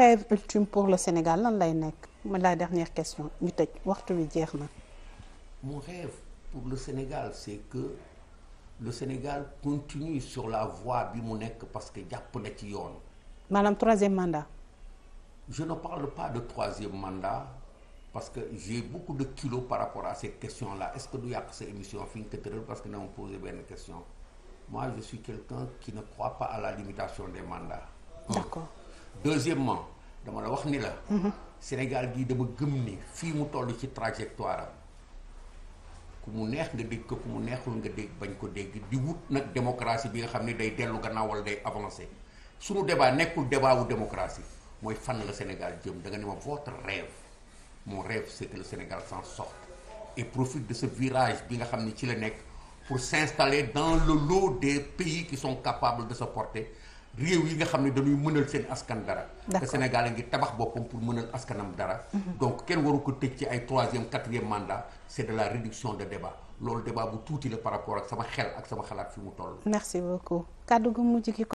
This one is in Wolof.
rêve ultime pour le Sénégal lan lay nekk la dernière question ñu tëj waxtu wi jeex na. mon rêve pour le Sénégal c'est que le Sénégal continue sur la voie bi mu nekk parce que jàpp na ci yoon. maanaam troisième mandat. je ne parle pas de troisième mandat parce que j'ai beaucoup de kilos par rapport à cette question là est-ce que du yàq sa émission fi nga ko tëral parce que na ma posé question moi je suis quelqu'un qui ne croit pas à la limitation des mandats. deuxièmement dama la wax ni la. Sénégal gii dama gëm ni fii mu toll ci trajectoire am ku mu neex nga dégg ko ku mu neexul nga dégg bañ ko dégg di wut nag démocratie bi nga xam ni day dellu gannaaw wala day avancé sunu debaa nekkul débat wu démocratie mooy fan la Sénégal jëm danga nga ne ma votre rêve mon rêve c'est que Sénégal s'en sorte et profite de sa virage bi nga xam ne ci la nekk pour s'installer dans le lot des pays qui sont capables de sa porter réew yi nga xam ne dañuy mënal seen askan dara te Sénégal a ngi tabax boppam pour mënal askanam dara mhm. donc kenn waru ko tëj ci ay troisième quatrième mandat c'est la réduction de débat loolu débat bu tuuti la par rapport ak sama xel ak sama xalaat fi mu toll merci beaucoup kàddu gu mujj gi